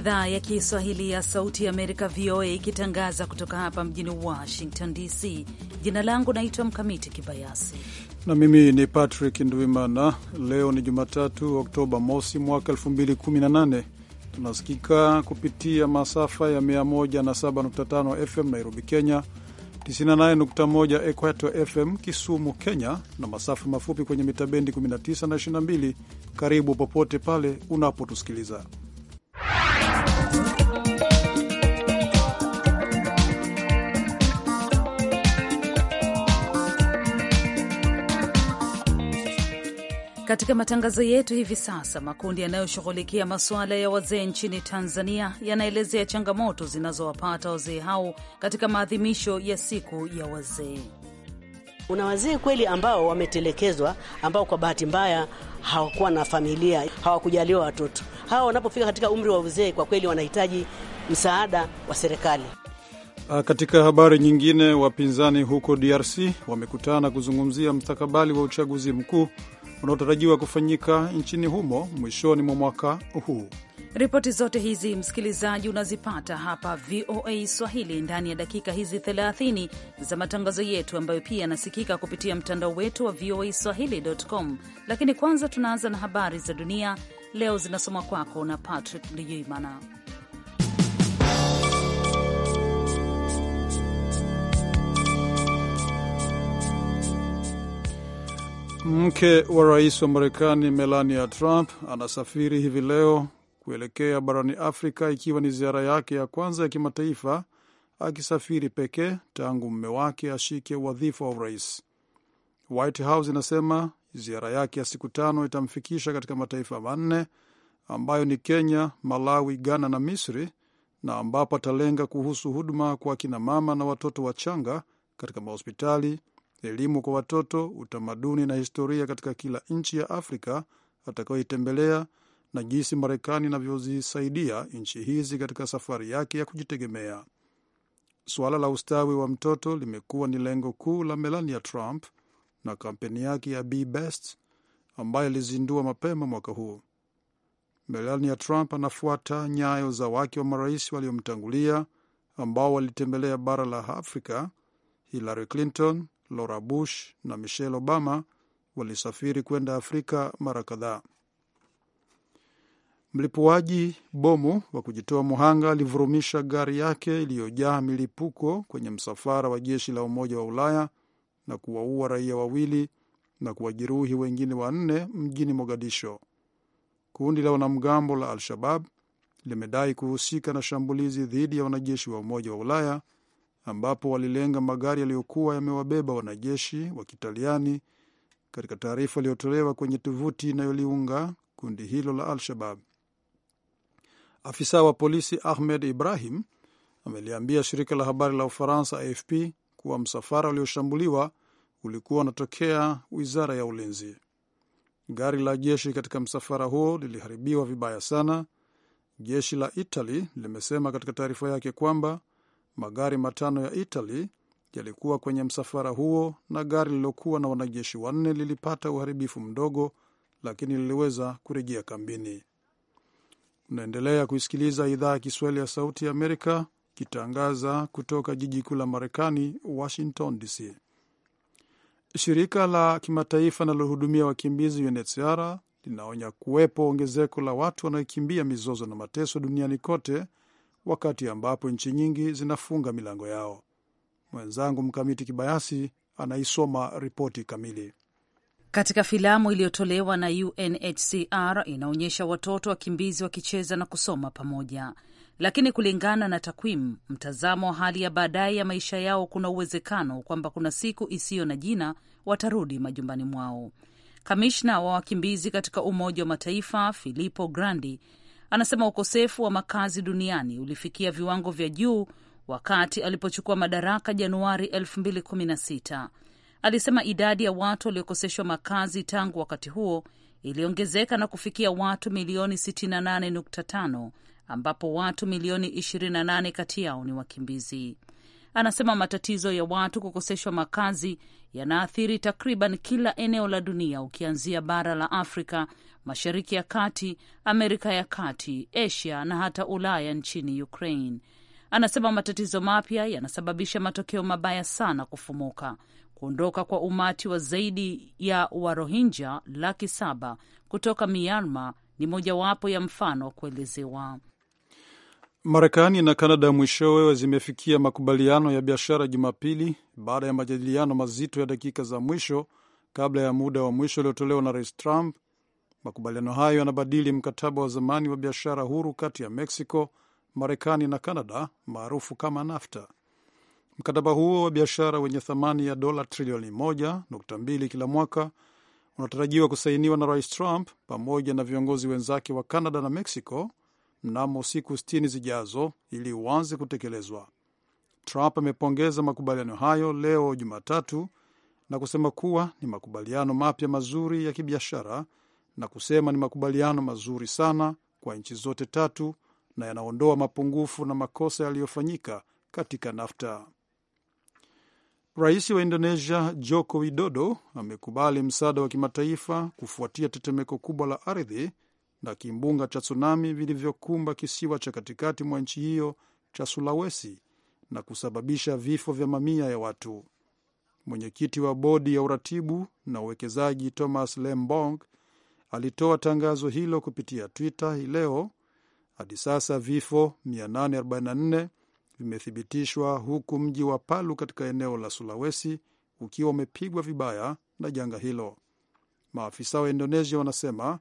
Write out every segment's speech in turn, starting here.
idhaa ya Kiswahili ya Sauti ya Amerika, VOA, ikitangaza kutoka hapa mjini Washington DC. Jina langu naitwa Mkamiti Kibayasi na mimi ni Patrick Ndwimana. Leo ni Jumatatu, Oktoba mosi mwaka 2018. Tunasikika kupitia masafa ya 107.5 FM Nairobi, Kenya, 98.1 Equator FM Kisumu, Kenya, na masafa mafupi kwenye mitabendi 19 na 22. Karibu popote pale unapotusikiliza katika matangazo yetu hivi sasa, makundi yanayoshughulikia masuala ya wazee nchini Tanzania yanaelezea changamoto zinazowapata wazee hao katika maadhimisho ya siku ya wazee. Una wazee kweli ambao wametelekezwa, ambao kwa bahati mbaya hawakuwa na familia, hawakujaliwa watoto. Hawa wanapofika katika umri wa uzee, kwa kweli wanahitaji msaada wa serikali. Ah, katika habari nyingine, wapinzani huko DRC wamekutana kuzungumzia mstakabali wa uchaguzi mkuu unaotarajiwa kufanyika nchini humo mwishoni mwa mwaka huu. Ripoti zote hizi msikilizaji, unazipata hapa VOA Swahili ndani ya dakika hizi 30 za matangazo yetu, ambayo pia yanasikika kupitia mtandao wetu wa VOA Swahili.com. Lakini kwanza tunaanza na habari za dunia leo, zinasoma kwako na Patrick Nduyimana. Mke wa rais wa Marekani Melania Trump anasafiri hivi leo kuelekea barani Afrika ikiwa ni ziara yake ya kwanza ya kimataifa, akisafiri pekee tangu mume wake ashike wadhifa wa urais. White House inasema ziara yake ya siku tano itamfikisha katika mataifa manne ambayo ni Kenya, Malawi, Ghana na Misri, na ambapo atalenga kuhusu huduma kwa akinamama na watoto wachanga katika mahospitali, elimu kwa watoto, utamaduni na historia katika kila nchi ya Afrika atakayoitembelea na jinsi Marekani inavyozisaidia nchi hizi katika safari yake ya kujitegemea. Suala la ustawi wa mtoto limekuwa ni lengo kuu la Melania Trump na kampeni yake ya Be Best ambayo ilizindua mapema mwaka huu. Melania Trump anafuata nyayo za wake wa marais waliomtangulia ambao walitembelea bara la Afrika, Hillary Clinton, Laura Bush na Michelle Obama walisafiri kwenda Afrika mara kadhaa. Mlipuaji bomu wa kujitoa muhanga alivurumisha gari yake iliyojaa milipuko kwenye msafara wa jeshi la Umoja wa Ulaya na kuwaua raia wawili na kuwajeruhi wengine wanne mjini Mogadisho. Kundi la wanamgambo la Al-Shabab limedai kuhusika na shambulizi dhidi ya wanajeshi wa Umoja wa Ulaya ambapo walilenga magari yaliyokuwa yamewabeba wanajeshi wa Kitaliani. Katika taarifa iliyotolewa kwenye tovuti inayoliunga kundi hilo la Al-Shabab, afisa wa polisi Ahmed Ibrahim ameliambia shirika la habari la Ufaransa AFP kuwa msafara ulioshambuliwa ulikuwa unatokea wizara ya ulinzi. Gari la jeshi katika msafara huo liliharibiwa vibaya sana. Jeshi la Itali limesema katika taarifa yake kwamba Magari matano ya Italy yalikuwa kwenye msafara huo na gari lililokuwa na wanajeshi wanne lilipata uharibifu mdogo, lakini liliweza kurejea kambini. Unaendelea kuisikiliza idhaa ya Kiswahili ya Sauti ya Amerika ikitangaza kutoka jiji kuu la Marekani, Washington DC. Shirika la kimataifa linalohudumia wakimbizi UNHCR linaonya kuwepo ongezeko la watu wanaokimbia mizozo na mateso duniani kote wakati ambapo nchi nyingi zinafunga milango yao. Mwenzangu Mkamiti Kibayasi anaisoma ripoti kamili. Katika filamu iliyotolewa na UNHCR inaonyesha watoto wakimbizi wakicheza na kusoma pamoja, lakini kulingana na takwimu, mtazamo wa hali ya baadaye ya maisha yao, kuna uwezekano kwamba kuna siku isiyo na jina watarudi majumbani mwao. Kamishna wa wakimbizi katika Umoja wa Mataifa Filippo Grandi anasema ukosefu wa makazi duniani ulifikia viwango vya juu wakati alipochukua madaraka Januari 2016. Alisema idadi ya watu waliokoseshwa makazi tangu wakati huo iliongezeka na kufikia watu milioni 68.5 ambapo watu milioni 28 kati yao ni wakimbizi anasema matatizo ya watu kukoseshwa makazi yanaathiri takriban kila eneo la dunia, ukianzia bara la Afrika, Mashariki ya Kati, Amerika ya Kati, Asia na hata Ulaya nchini Ukraine. Anasema matatizo mapya yanasababisha matokeo mabaya sana kufumuka kuondoka kwa umati wa zaidi ya Warohinja laki saba kutoka Myanmar ni mojawapo ya mfano wa kuelezewa. Marekani na Kanada mwishowe zimefikia makubaliano ya biashara Jumapili baada ya majadiliano mazito ya dakika za mwisho kabla ya muda wa mwisho uliotolewa na Rais Trump. Makubaliano hayo yanabadili mkataba wa zamani wa biashara huru kati ya Mexico, Marekani na Kanada maarufu kama NAFTA. Mkataba huo wa biashara wenye thamani ya dola trilioni mbili kila mwaka unatarajiwa kusainiwa na Rais Trump pamoja na viongozi wenzake wa Canada na Mexico mnamo siku 60 zijazo ili uanze kutekelezwa. Trump amepongeza makubaliano hayo leo Jumatatu na kusema kuwa ni makubaliano mapya mazuri ya kibiashara na kusema ni makubaliano mazuri sana kwa nchi zote tatu na yanaondoa mapungufu na makosa yaliyofanyika katika NAFTA. Rais wa Indonesia Joko Widodo amekubali msaada wa kimataifa kufuatia tetemeko kubwa la ardhi na kimbunga cha tsunami vilivyokumba kisiwa cha katikati mwa nchi hiyo cha Sulawesi na kusababisha vifo vya mamia ya watu. Mwenyekiti wa bodi ya uratibu na uwekezaji Thomas Lembong alitoa tangazo hilo kupitia Twitter hii leo. Hadi sasa vifo 844 vimethibitishwa huku mji wa Palu katika eneo la Sulawesi ukiwa umepigwa vibaya na janga hilo. Maafisa wa Indonesia wanasema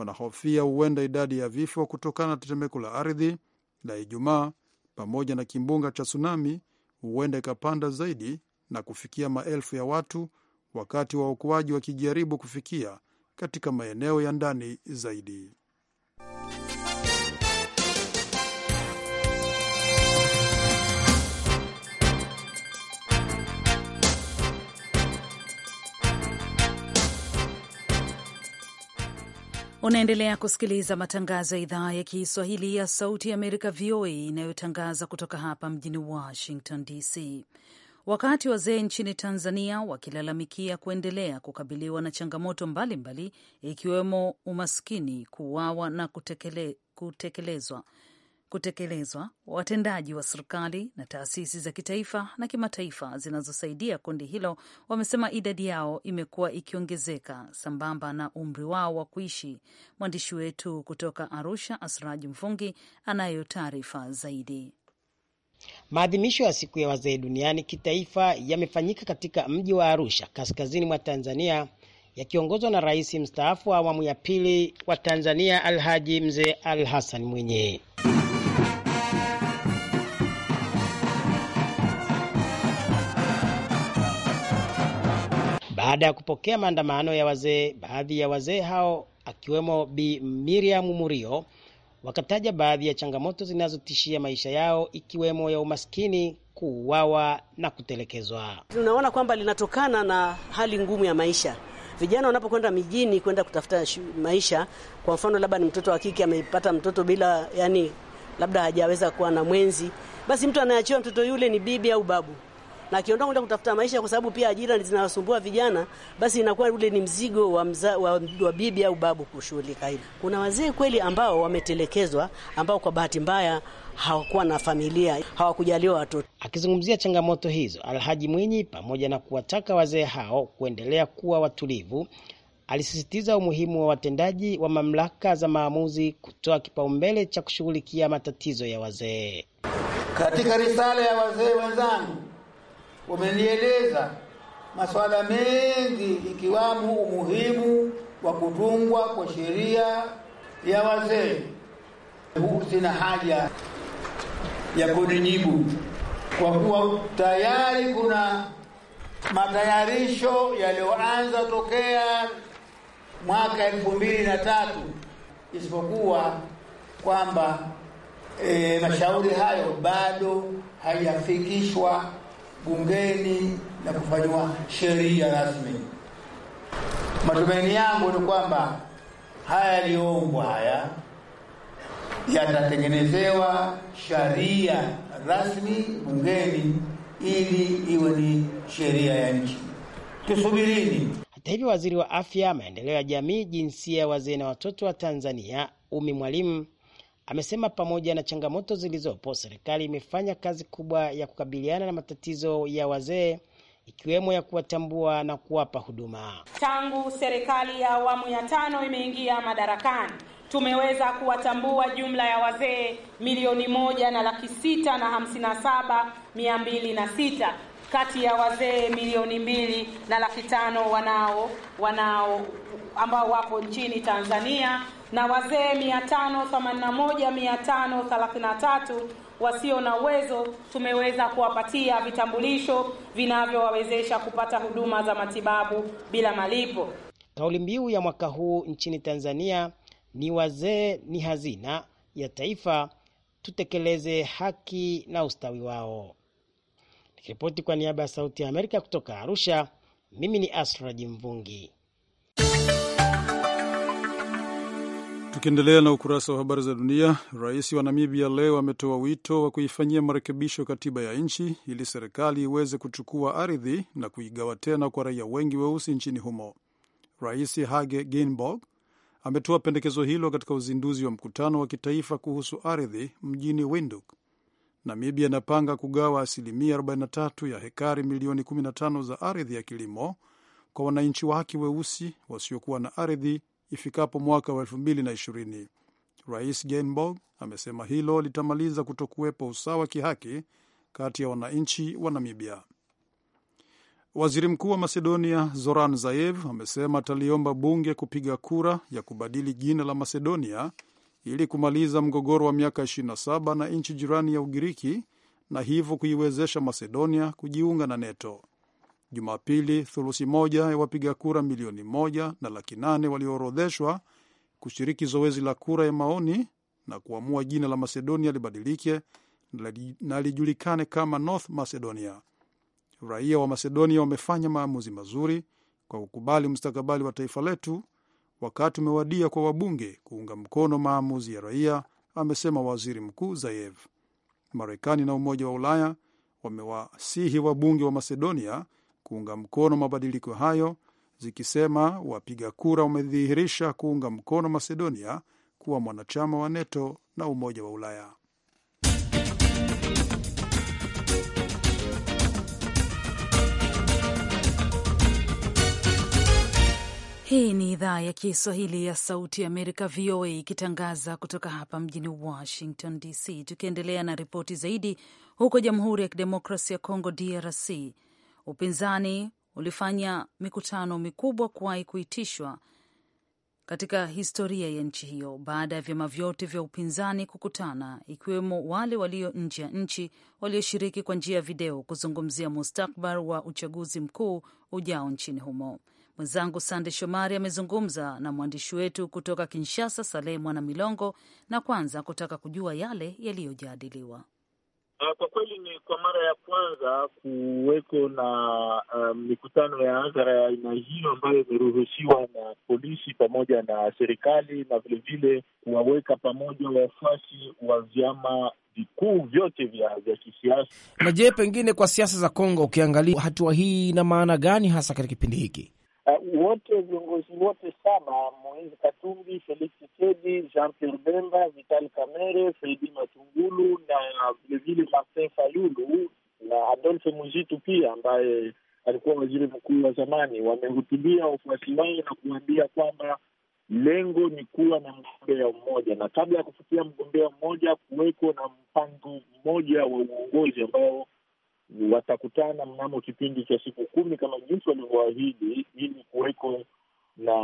wanahofia huenda idadi ya vifo kutokana na tetemeko la ardhi la Ijumaa pamoja na kimbunga cha tsunami huenda ikapanda zaidi na kufikia maelfu ya watu, wakati waokoaji wakijaribu kufikia katika maeneo ya ndani zaidi. Unaendelea kusikiliza matangazo ya idhaa ya Kiswahili ya Sauti ya Amerika, VOA, inayotangaza kutoka hapa mjini Washington DC. Wakati wazee nchini Tanzania wakilalamikia kuendelea kukabiliwa na changamoto mbalimbali ikiwemo umaskini, kuuawa na kutekele, kutekelezwa kutekelezwa, watendaji wa serikali na taasisi za kitaifa na kimataifa zinazosaidia kundi hilo wamesema idadi yao imekuwa ikiongezeka sambamba na umri wao wa kuishi. Mwandishi wetu kutoka Arusha, Asraji Mfungi, anayo taarifa zaidi. Maadhimisho ya siku ya wazee duniani kitaifa yamefanyika katika mji wa Arusha, kaskazini mwa Tanzania, yakiongozwa na rais mstaafu wa awamu ya pili wa Tanzania Alhaji Mzee Al hasan Mwinyi. Baada ya kupokea maandamano ya wazee, baadhi ya wazee hao akiwemo Bi Miriam Murio wakataja baadhi ya changamoto zinazotishia maisha yao ikiwemo ya umaskini, kuuawa na kutelekezwa. Tunaona kwamba linatokana na hali ngumu ya maisha. Vijana wanapokwenda mijini kwenda kutafuta maisha, kwa mfano, labda ni mtoto wa kike amepata mtoto bila, yani labda hajaweza kuwa na mwenzi, basi mtu anayeachiwa mtoto yule ni bibi au babu na akiondoka kwenda kutafuta maisha, kwa sababu pia ajira zinawasumbua vijana, basi inakuwa ule ni mzigo wa, mza, wa, wa bibi au babu kushughulika hivi. Kuna wazee kweli ambao wametelekezwa, ambao kwa bahati mbaya hawakuwa na familia, hawakujaliwa watoto. Akizungumzia changamoto hizo, Alhaji Mwinyi, pamoja na kuwataka wazee hao kuendelea kuwa watulivu, alisisitiza umuhimu wa watendaji wa mamlaka za maamuzi kutoa kipaumbele cha kushughulikia matatizo ya wazee. Katika risala ya wazee wenzangu wamenieleza masuala mengi ikiwamo umuhimu wa kutungwa kwa sheria ya wazee. Sina haja ya kunijibu kwa kuwa tayari kuna matayarisho yaliyoanza tokea mwaka elfu mbili na tatu isipokuwa kwamba e, mashauri hayo bado hayafikishwa bungeni na kufanywa sheria rasmi. Matumaini yangu ni kwamba haya yaliyoombwa haya yatatengenezewa sheria rasmi bungeni ili iwe ni sheria ya nchi. Tusubirini. Hata hivyo, waziri wa afya, maendeleo ya jamii, jinsia ya wazee na watoto wa Tanzania Umi Mwalimu Amesema pamoja na changamoto zilizopo, serikali imefanya kazi kubwa ya kukabiliana na matatizo ya wazee ikiwemo ya kuwatambua na kuwapa huduma. Tangu serikali ya awamu ya tano imeingia madarakani, tumeweza kuwatambua jumla ya wazee milioni moja na laki sita na hamsini na saba mia mbili na sita kati ya wazee milioni mbili na laki tano wanao wanao ambao wapo nchini Tanzania na wazee 581533 wasio na uwezo tumeweza kuwapatia vitambulisho vinavyowawezesha kupata huduma za matibabu bila malipo. Kauli mbiu ya mwaka huu nchini Tanzania ni wazee ni hazina ya taifa, tutekeleze haki na ustawi wao. Nikiripoti kwa niaba ya Sauti ya Amerika kutoka Arusha, mimi ni Asra Jimvungi. Tukiendelea na ukurasa wa habari za dunia, rais wa Namibia leo ametoa wito wa kuifanyia marekebisho katiba ya nchi ili serikali iweze kuchukua ardhi na kuigawa tena kwa raia wengi weusi nchini humo. Rais Hage Geingob ametoa pendekezo hilo katika uzinduzi wa mkutano wa kitaifa kuhusu ardhi mjini Windhoek. Namibia inapanga kugawa asilimia 43 ya hekari milioni 15 za ardhi ya kilimo kwa wananchi wake weusi wasiokuwa na ardhi ifikapo mwaka wa ishirini. Rais Geingob amesema hilo litamaliza kutokuwepo usawa kihaki kati ya wananchi wa Namibia. Waziri mkuu wa Macedonia Zoran Zaev amesema ataliomba bunge kupiga kura ya kubadili jina la Macedonia ili kumaliza mgogoro wa miaka 27 na nchi jirani ya Ugiriki na hivyo kuiwezesha Macedonia kujiunga na NATO. Jumapili, thuluthi moja ya wapiga kura milioni moja na laki nane walioorodheshwa kushiriki zoezi la kura ya maoni na kuamua jina la Macedonia libadilike na lijulikane kama North Macedonia. Raia wa Macedonia wamefanya maamuzi mazuri kwa kukubali mustakabali wa taifa letu. Wakati umewadia kwa wabunge kuunga mkono maamuzi ya raia, amesema waziri mkuu Zaev. Marekani na Umoja wa Ulaya wamewasihi wabunge wa Macedonia kuunga mkono mabadiliko hayo zikisema wapiga kura wamedhihirisha kuunga mkono Macedonia kuwa mwanachama wa NATO na Umoja wa Ulaya. Hii ni idhaa ya Kiswahili ya Sauti ya Amerika, VOA, ikitangaza kutoka hapa mjini Washington DC. Tukiendelea na ripoti zaidi, huko Jamhuri ya Kidemokrasi ya Kongo, DRC, Upinzani ulifanya mikutano mikubwa kuwahi kuitishwa katika historia ya nchi hiyo baada ya vyama vyote vya upinzani kukutana, ikiwemo wale walio nje ya nchi walioshiriki kwa njia ya video kuzungumzia mustakbal wa uchaguzi mkuu ujao nchini humo. Mwenzangu Sande Shomari amezungumza na mwandishi wetu kutoka Kinshasa, Saleh Mwana Milongo, na kwanza kutaka kujua yale yaliyojadiliwa. Uh, kwa kweli ni kwa mara ya kwanza kuweko na um, mikutano um, ya hadhara ya aina hiyo ambayo imeruhusiwa na polisi pamoja na serikali na vilevile kuwaweka pamoja wafuasi wa vyama vikuu vyote vya, vya kisiasa. Na je, pengine kwa siasa za Kongo ukiangalia hatua hii ina maana gani hasa katika kipindi hiki? uh, wote viongozi wote saba Moise Katumbi, Felix Tshisekedi, Jean Pierre Bemba, Vital Kamerhe, Fredy Matungulu na vilevile Martin Fayulu na Adolphe Muzitu pia ambaye alikuwa waziri mkuu wa zamani, wamehutubia wafuasi wao na kuambia kwamba lengo ni kuwa na mgombea mmoja, na kabla ya kufikia mgombea mmoja kuweko na mpango mmoja wa uongozi ambao watakutana mnamo kipindi cha siku kumi kama jinsi walivyoahidi, ili kuweko na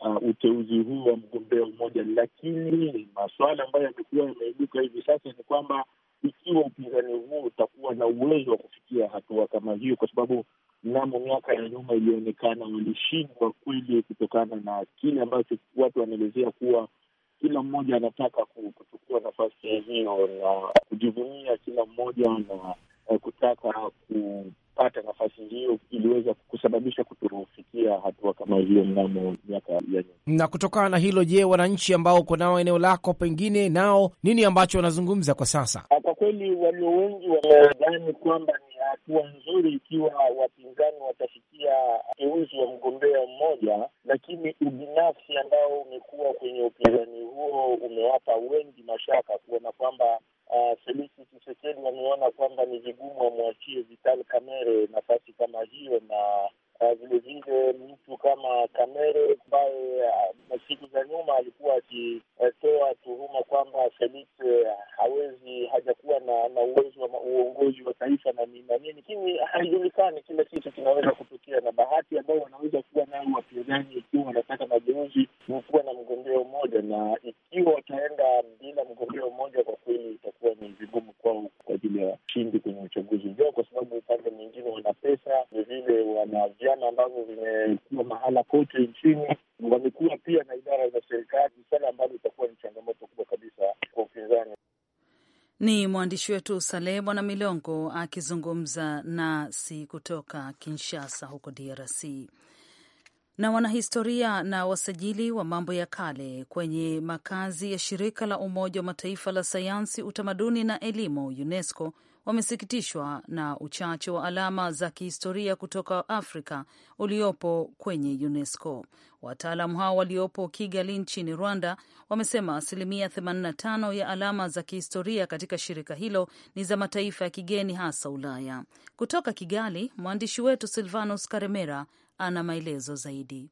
uh, uteuzi huu wa mgombea mmoja. Lakini masuala ambayo yamekuwa yameibuka hivi sasa ni kwamba ikiwa upinzani huu utakuwa na uwezo wa kufikia hatua kama hiyo, kwa sababu mnamo miaka ya nyuma ilionekana walishindwa kweli, kutokana na kile ambacho watu wanaelezea kuwa kila mmoja anataka kuchukua nafasi hiyo na kujivunia kila mmoja na uh, kutaka kupata nafasi hiyo iliweza kusababisha kutofikia hatua kama hiyo mnamo miaka ya nyuma. Na kutokana na hilo, je, wananchi ambao uko nao eneo lako pengine nao nini ambacho wanazungumza kwa sasa? Ah, kwa kweli walio wengi wanadhani kwamba ni hatua nzuri ikiwa wapinzani watafikia teuzi wa mgombea mmoja, lakini ubinafsi ambao umekuwa kwenye upinzani huo umewapa wengi mashaka kuona kwamba uh, Felix tunaona kwamba ni vigumu amwachie Vital Kamerhe nafasi kama hiyo na vilevile ah, mtu kama Kamere ambaye ah, siku za nyuma alikuwa akitoa tuhuma kwamba Felix ah, hawezi hajakuwa na na uwezo wa uongozi wa taifa na nini na nini, lakini haijulikani, kila kitu kinaweza la koti nchini wamekuwa pia na idara za serikali, swala ambalo itakuwa ni changamoto kubwa kabisa kwa upinzani. Ni mwandishi wetu Saleh Bwana Milongo akizungumza nasi kutoka Kinshasa huko DRC na wanahistoria na wasajili wa mambo ya kale kwenye makazi ya shirika la Umoja wa Mataifa la sayansi, utamaduni na elimu UNESCO wamesikitishwa na uchache wa alama za kihistoria kutoka Afrika uliopo kwenye UNESCO. Wataalam hao waliopo Kigali nchini Rwanda wamesema asilimia 85 ya alama za kihistoria katika shirika hilo ni za mataifa ya kigeni, hasa Ulaya. Kutoka Kigali, mwandishi wetu Silvanus Karemera ana maelezo zaidi.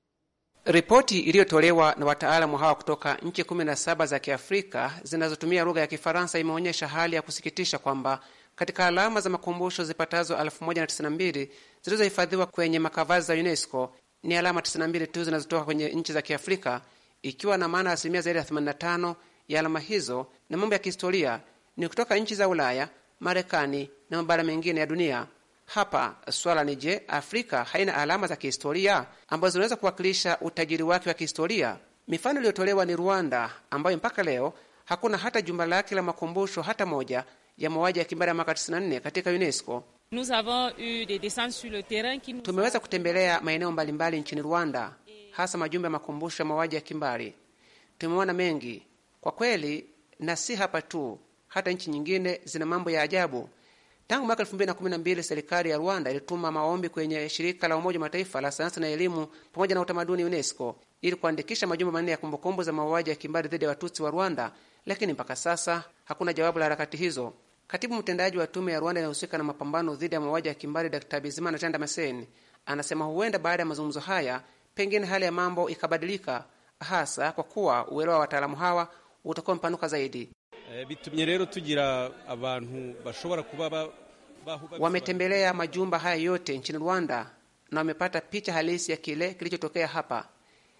Ripoti iliyotolewa na wataalamu hawa kutoka nchi 17 za Kiafrika zinazotumia lugha ya Kifaransa imeonyesha hali ya kusikitisha kwamba katika alama za makumbusho zipatazo 1092 zilizohifadhiwa kwenye makavazi za UNESCO ni alama 92 tu zinazotoka kwenye nchi za Kiafrika, ikiwa na maana asilimia zaidi ya 85 ya alama hizo na mambo ya kihistoria ni kutoka nchi za Ulaya, Marekani na mabara mengine ya dunia. Hapa swala ni je, Afrika haina alama za kihistoria ambazo zinaweza kuwakilisha utajiri wake wa kihistoria? Mifano iliyotolewa ni Rwanda, ambayo mpaka leo hakuna hata jumba lake la makumbusho hata moja ya mauaji ya kimbari ya mwaka 94 katika UNESCO. Tumeweza kutembelea maeneo mbalimbali nchini Rwanda, hasa majumba ya makumbusho ya mauaji ya kimbari. Tumeona mengi kwa kweli, na si hapa tu, hata nchi nyingine zina mambo ya ajabu Tangu mwaka mbili serikali ya Rwanda ilituma maombi kwenye shirika la Umoja wa Mataifa la sayansi na elimu pamoja na utamaduni UNESCO ili kuandikisha majumba manne ya kumbukumbu za mauaji ya kimbari dhidi ya Watutsi wa Rwanda, lakini mpaka sasa hakuna jawabu la harakati hizo. Katibu mtendaji wa tume ya Rwanda inayohusika na mapambano dhidi ya mauaji ya kimbari Dr Bizimana janda masen anasema huenda baada ya mazungumzo haya pengine hali ya mambo ikabadilika, hasa kwa kuwa uelewa wa wataalamu hawa utakuwa mpanuka zaidi. Eh, bitumye rero tugira abantu bashobora kuba wametembelea majumba haya yote nchini Rwanda na wamepata picha halisi ya kile kilichotokea hapa,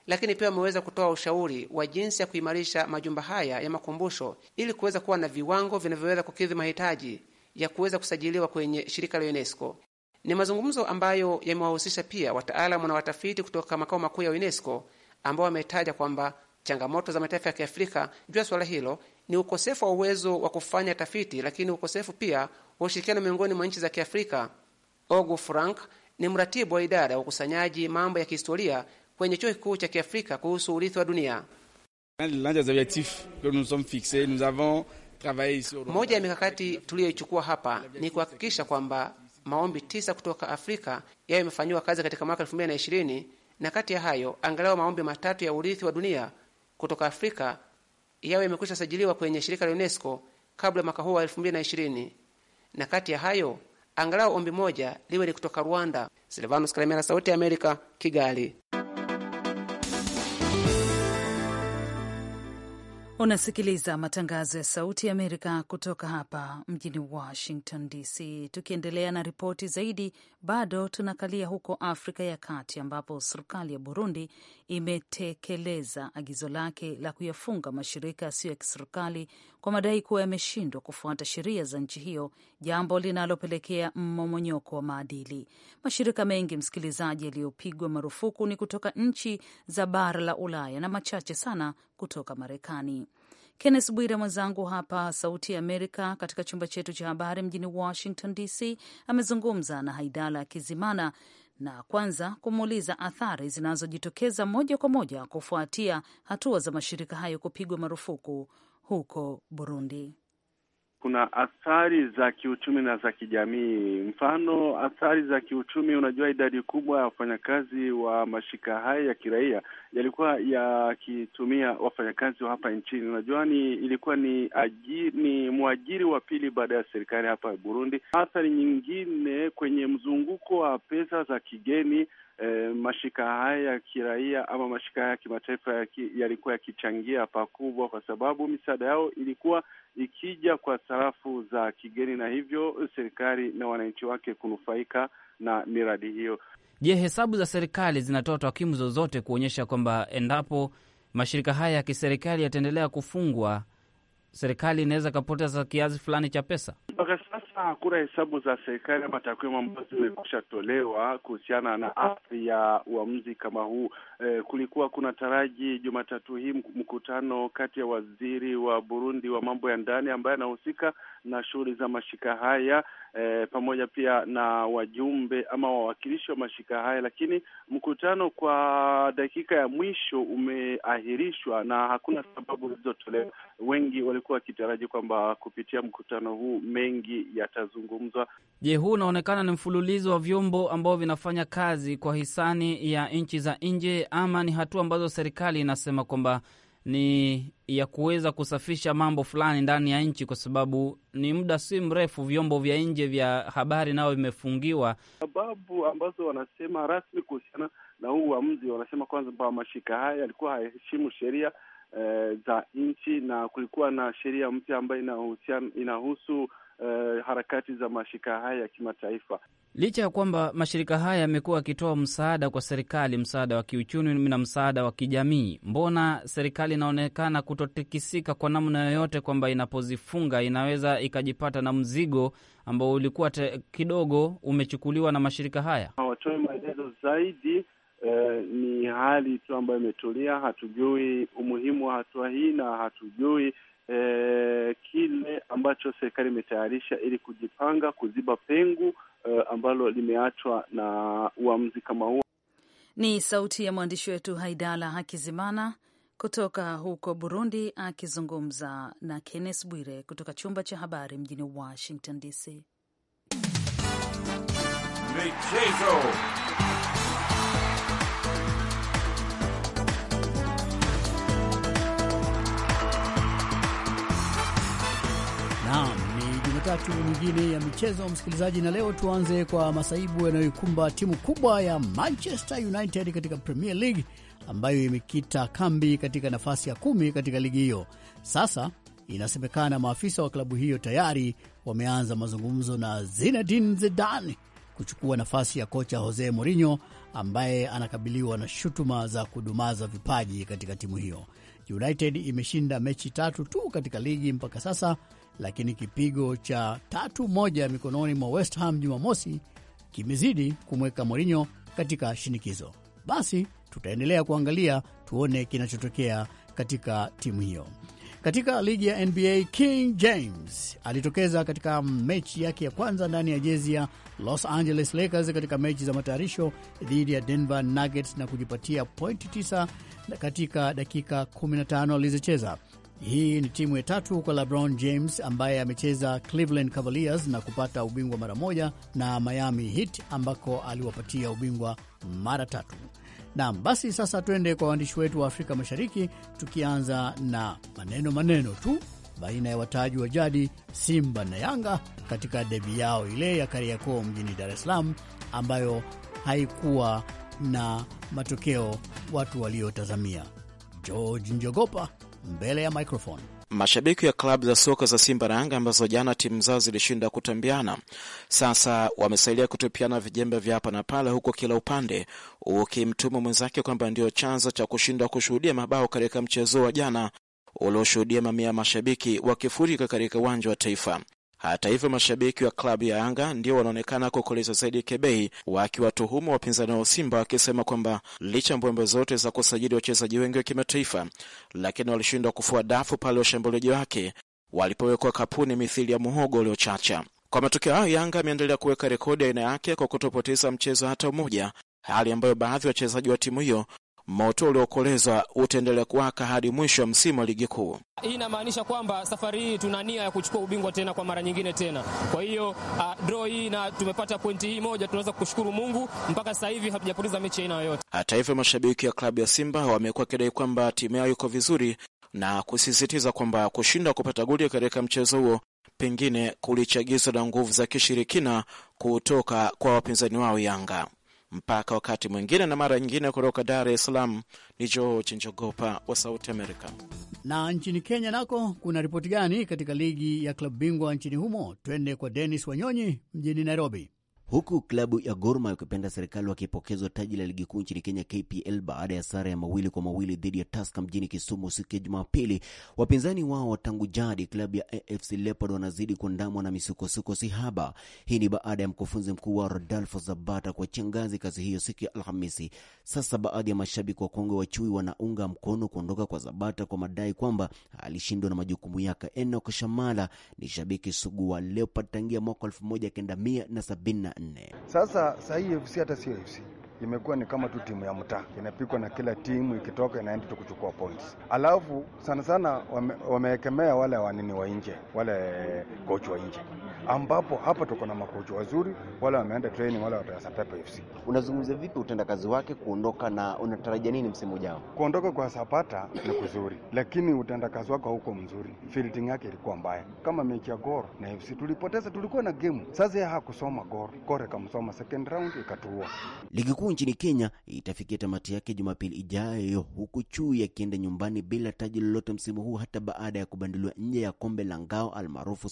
lakini pia wameweza kutoa ushauri wa jinsi ya kuimarisha majumba haya ya makumbusho ili kuweza kuwa na viwango vinavyoweza kukidhi mahitaji ya kuweza kusajiliwa kwenye shirika la UNESCO. Ni mazungumzo ambayo yamewahusisha pia wataalamu na watafiti kutoka makao makuu ya UNESCO ambao wametaja kwamba changamoto za mataifa ya Kiafrika juu ya swala hilo ni ukosefu wa uwezo wa kufanya tafiti, lakini ukosefu pia wa ushirikiano miongoni mwa nchi za Kiafrika. Ogu Frank ni mratibu wa idara ya ukusanyaji mambo ya kihistoria kwenye chuo kikuu cha Kiafrika kuhusu urithi wa dunia. Moja ya mikakati tuliyoichukua hapa ni kuhakikisha kwamba maombi tisa kutoka Afrika yayo yamefanyiwa kazi katika mwaka 2020 na kati ya hayo angalau maombi matatu ya urithi wa dunia kutoka Afrika yawe yamekwisha sajiliwa kwenye shirika la UNESCO kabla mwaka huu wa 2020 na kati ya hayo angalau ombi moja liwe ni kutoka Rwanda. Silvanus Kalemera, Sauti ya Amerika, Kigali. Unasikiliza matangazo ya Sauti ya Amerika kutoka hapa mjini Washington DC. Tukiendelea na ripoti zaidi bado tunakalia huko Afrika ya Kati ambapo serikali ya Burundi imetekeleza agizo lake la kuyafunga mashirika yasiyo ya kiserikali kwa madai kuwa yameshindwa kufuata sheria za nchi hiyo, jambo linalopelekea mmomonyoko wa maadili. Mashirika mengi, msikilizaji, yaliyopigwa marufuku ni kutoka nchi za bara la Ulaya na machache sana kutoka Marekani. Kennes Bwire mwenzangu hapa Sauti ya Amerika katika chumba chetu cha habari mjini Washington DC amezungumza na Haidala Kizimana na kwanza kumuuliza athari zinazojitokeza moja kwa moja kufuatia hatua za mashirika hayo kupigwa marufuku huko Burundi kuna athari za kiuchumi na za kijamii. Mfano, athari za kiuchumi, unajua idadi kubwa ya wafanyakazi wa mashirika haya ya kiraia yalikuwa yakitumia wafanyakazi wa hapa nchini. Unajua ni ilikuwa ni ajiri, ni mwajiri wa pili baada ya serikali hapa Burundi. Athari nyingine kwenye mzunguko wa pesa za kigeni E, eh, mashirika haya ya kiraia ama mashirika haya ya kimataifa yalikuwa yakichangia pakubwa, kwa sababu misaada yao ilikuwa ikija kwa sarafu za kigeni, na hivyo serikali na wananchi wake kunufaika na miradi hiyo. Je, hesabu za serikali zinatoa takwimu zozote kuonyesha kwamba endapo mashirika haya ya kiserikali yataendelea kufungwa serikali inaweza ikapoteza kiasi fulani cha pesa? sasa hakuna hesabu za serikali ama takwimu ambazo zimekusha tolewa kuhusiana na athari ya uamuzi kama huu eh, kulikuwa kuna taraji Jumatatu hii mkutano kati ya waziri wa Burundi wa mambo ya ndani ambaye anahusika na, na shughuli za mashika haya eh, pamoja pia na wajumbe ama wawakilishi wa mashika haya, lakini mkutano kwa dakika ya mwisho umeahirishwa na hakuna sababu zilizotolewa. Wengi walikuwa wakitaraji kwamba kupitia mkutano huu mengi yatazungumzwa. Je, huu unaonekana ni mfululizo wa vyombo ambao vinafanya kazi kwa hisani ya nchi za nje ama ni hatua ambazo serikali inasema kwamba ni ya kuweza kusafisha mambo fulani ndani ya nchi, kwa sababu ni muda si mrefu vyombo vya nje vya habari nao vimefungiwa. Sababu ambazo wanasema rasmi kuhusiana na huu uamuzi, wanasema kwanza kwamba mashirika haya yalikuwa hayaheshimu sheria e, za nchi, na kulikuwa na sheria mpya ambayo inahusu e, harakati za mashirika haya ya kimataifa. Licha ya kwamba mashirika haya yamekuwa yakitoa msaada kwa serikali, msaada wa kiuchumi na msaada wa kijamii, mbona serikali inaonekana kutotikisika kwa namna yoyote, kwamba inapozifunga inaweza ikajipata na mzigo ambao ulikuwa te kidogo umechukuliwa na mashirika haya? Watoe maelezo zaidi eh, ni hali tu ambayo imetulia. Hatujui umuhimu wa hatua hii na hatujui eh, kile ambacho serikali imetayarisha ili kujipanga kuziba pengo eh, ambalo limeachwa na uamuzi kama huo. Ni sauti ya mwandishi wetu Haidala Hakizimana kutoka huko Burundi akizungumza na Kennes Bwire kutoka chumba cha habari mjini Washington DC. Michezo. wakati mwingine ya michezo, msikilizaji, na leo tuanze kwa masaibu yanayoikumba timu kubwa ya Manchester United katika Premier League ambayo imekita kambi katika nafasi ya kumi katika ligi hiyo. Sasa inasemekana maafisa wa klabu hiyo tayari wameanza mazungumzo na Zinedine Zidane kuchukua nafasi ya kocha Jose Mourinho ambaye anakabiliwa na shutuma za kudumaza vipaji katika timu hiyo. United imeshinda mechi tatu tu katika ligi mpaka sasa lakini kipigo cha tatu moja mikononi mwa West Ham Jumamosi kimezidi kumweka Mourinho katika shinikizo. Basi tutaendelea kuangalia tuone kinachotokea katika timu hiyo. Katika ligi ya NBA, King James alitokeza katika mechi yake ya kwanza ndani ya jezi ya Los Angeles Lakers katika mechi za matayarisho dhidi ya Denver Nuggets na kujipatia pointi 9 katika dakika 15 alizocheza. Hii ni timu ya tatu kwa LeBron James ambaye amecheza Cleveland Cavaliers na kupata ubingwa mara moja na Miami Heat ambako aliwapatia ubingwa mara tatu. Naam, basi sasa tuende kwa waandishi wetu wa Afrika Mashariki, tukianza na maneno maneno tu baina ya wataji wa jadi Simba na Yanga katika debi yao ile ya Kariakoo mjini Dar es Salaam ambayo haikuwa na matokeo watu waliotazamia. George Njogopa mbele ya microphone. Mashabiki wa klabu za soka za Simba na Yanga ambazo jana timu zao zilishinda kutambiana, sasa wamesalia kutupiana vijembe vya hapa na pale, huko kila upande ukimtuma mwenzake kwamba ndio chanzo cha kushindwa kushuhudia mabao katika mchezo wa jana ulioshuhudia mamia ya mashabiki wakifurika katika uwanja wa Taifa. Hata hivyo, mashabiki wa klabu ya Yanga ndio wanaonekana kukoleza zaidi kebei, wakiwatuhumu wapinzani wa Simba, wakisema kwamba licha mbwembe zote za kusajili wachezaji wengi wa kimataifa, lakini walishindwa kufua dafu pale washambuliaji wake walipowekwa kapuni mithili ya muhogo uliochacha. Kwa matokeo hayo, Yanga ameendelea kuweka rekodi aina yake kwa kutopoteza mchezo hata mmoja, hali ambayo baadhi ya wachezaji wa timu hiyo moto uliokolezwa utaendelea kuwaka hadi mwisho wa msimu wa ligi kuu. Hii inamaanisha kwamba safari hii tuna nia ya kuchukua ubingwa tena kwa mara nyingine tena. Kwa hiyo uh, ah, dro hii na tumepata pointi hii moja, tunaweza kushukuru Mungu. Mpaka sasa hivi hatujapoteza mechi aina yoyote. Hata hivyo, mashabiki ya klabu ya Simba wamekuwa kidai kwamba timu yao iko vizuri na kusisitiza kwamba kushindwa kupata goli katika mchezo huo pengine kulichagizwa na nguvu za kishirikina kutoka kwa wapinzani wao Yanga. Mpaka wakati mwingine na mara nyingine, kutoka Dar es Salaam ni George Njogopa wa Sauti Amerika. Na nchini Kenya nako kuna ripoti gani katika ligi ya klabu bingwa nchini humo? Twende kwa denis Wanyonyi mjini Nairobi huku klabu ya Gor Mahia ukipenda serikali wakipokezwa taji la ligi kuu nchini Kenya KPL baada ya sare ya mawili kwa mawili dhidi ya Taska mjini Kisumu siku ya Jumapili. Wapinzani wao tangu jadi klabu ya AFC Leopard wanazidi kuandamwa na misukosuko haba. Hii ni baada ya mkufunzi mkuu wa Rodolfo Zabata kuwachangazi kazi hiyo siku ya Alhamisi. Sasa baadhi ya mashabiki wakongwe wa chui wanaunga mkono kuondoka kwa Zabata kwa madai kwamba alishindwa na majukumu yake. Enoch Shamala ni shabiki sugu wa Leopard tangia mwaka 1970 nne. Sasa sahihi FC hata sio FC, imekuwa ni kama tu timu ya mtaa inapikwa na kila timu ikitoka inaenda tu kuchukua points. Alafu sana sana wameekemea wame wale wanini wa nje wale coach wa nje, ambapo hapa tuko na makochi wazuri wale wameenda training wale wa Sapepa FC. Unazungumzia vipi utendakazi wake kuondoka na unatarajia nini msimu ujao? Kuondoka kwa Sapata ni kuzuri, lakini utendakazi wake hauko mzuri, fielding yake ilikuwa mbaya. Kama mechi ya Gor na FC tulipoteza, tulikuwa na game. Sasa yeye hakusoma Gor, Gor ikamsoma second round ikatuua. Ligi kuu nchini Kenya itafikia tamati yake Jumapili ijayo, huku chui akienda nyumbani bila taji lolote msimu huu hata baada ya kubanduliwa nje ya kombe la ngao almaarufu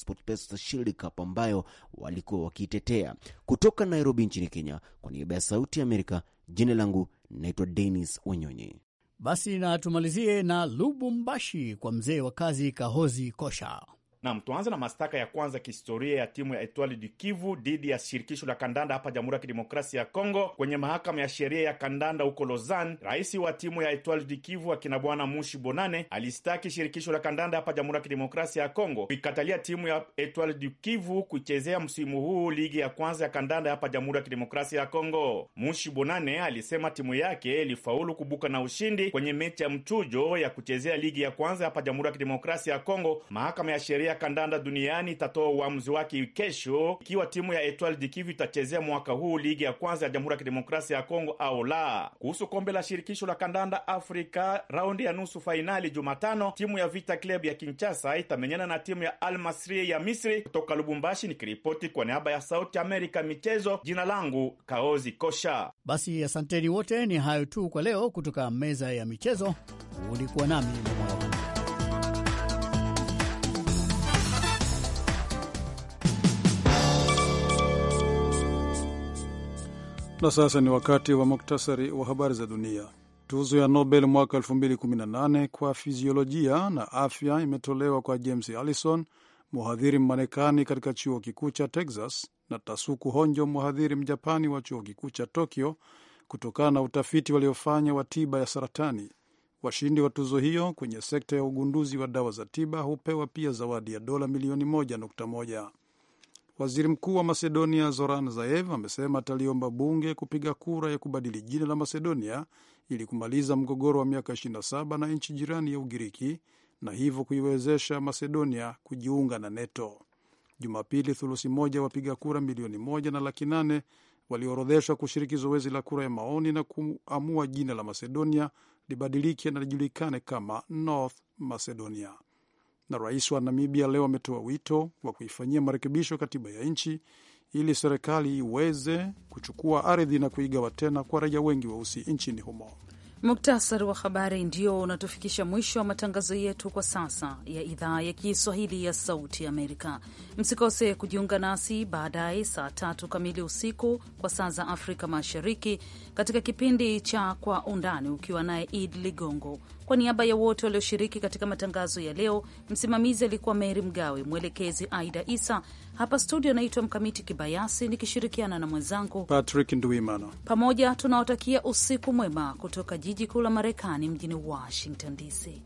Cup ambayo walikuwa wakiitetea. Kutoka Nairobi nchini Kenya, kwa niaba ya Sauti ya Amerika, jina langu naitwa Denis Wanyonyi. Basi na na Lubumbashi kwa mzee wa kazi Kahozi Kosha. Nam, tuanze na mashtaka ya kwanza kihistoria ya timu ya Etoile du Kivu dhidi ya shirikisho la kandanda hapa Jamhuri ya Kidemokrasia ya Kongo kwenye mahakama ya sheria ya kandanda huko Lausanne. Rais wa timu ya Etoile du Kivu akina bwana Mushi Bonane alistaki shirikisho la kandanda hapa Jamhuri ya Kidemokrasia ya Kongo kuikatalia timu ya Etoile du Kivu kuichezea msimu huu ligi ya kwanza ya kandanda hapa Jamhuri ya Kidemokrasia ya Kongo. Mushi Bonane alisema timu yake ilifaulu kubuka na ushindi kwenye mechi ya mchujo ya kuchezea ligi ya kwanza hapa Jamhuri ya Kidemokrasia ya Kongo. Mahakama ya sheria ya kandanda duniani itatoa uamuzi wake kesho ikiwa timu ya Etoile du Kivu itachezea mwaka huu ligi ya kwanza ya Jamhuri ya Kidemokrasia ya Kongo au la. Kuhusu kombe la shirikisho la kandanda Afrika raundi ya nusu fainali Jumatano, timu ya Vita Club ya Kinshasa itamenyana na timu ya Al Masri ya Misri. Kutoka Lubumbashi nikiripoti kwa niaba ya Sauti Amerika michezo, jina langu Kaozi Kosha. Basi asanteni wote, ni hayo tu kwa leo kutoka meza ya michezo. Ulikuwa nami Na sasa ni wakati wa muktasari wa habari za dunia. Tuzo ya Nobel mwaka 2018 kwa fiziolojia na afya imetolewa kwa James Allison, mhadhiri Mmarekani katika chuo kikuu cha Texas, na Tasuku Honjo, mhadhiri Mjapani wa chuo kikuu cha Tokyo, kutokana na utafiti waliofanya wa tiba ya saratani. Washindi wa tuzo hiyo kwenye sekta ya ugunduzi wa dawa za tiba hupewa pia zawadi ya dola milioni 1.1. Waziri mkuu wa Macedonia Zoran Zaev amesema ataliomba bunge kupiga kura ya kubadili jina la Macedonia ili kumaliza mgogoro wa miaka 27 na nchi jirani ya Ugiriki na hivyo kuiwezesha Macedonia kujiunga na NATO. Jumapili, thuluthi moja wapiga kura milioni moja na laki nane waliorodheshwa kushiriki zoezi la kura ya maoni na kuamua jina la Macedonia libadilike na lijulikane kama North Macedonia na rais wa Namibia leo ametoa wito wa kuifanyia marekebisho katiba ya nchi ili serikali iweze kuchukua ardhi na kuigawa tena kwa raia wengi weusi nchini humo. Muktasari wa habari ndio unatufikisha mwisho wa matangazo yetu kwa sasa ya idhaa ya Kiswahili ya Sauti Amerika. Msikose kujiunga nasi baadaye saa tatu kamili usiku kwa saa za Afrika Mashariki katika kipindi cha Kwa Undani ukiwa naye Id Ligongo. Kwa niaba ya wote walioshiriki katika matangazo ya leo, msimamizi alikuwa Meri Mgawe, mwelekezi Aida Isa. Hapa studio anaitwa Mkamiti Kibayasi nikishirikiana na mwenzangu Patrick Nduimana. Pamoja tunawatakia usiku mwema kutoka jiji kuu la Marekani, mjini Washington DC.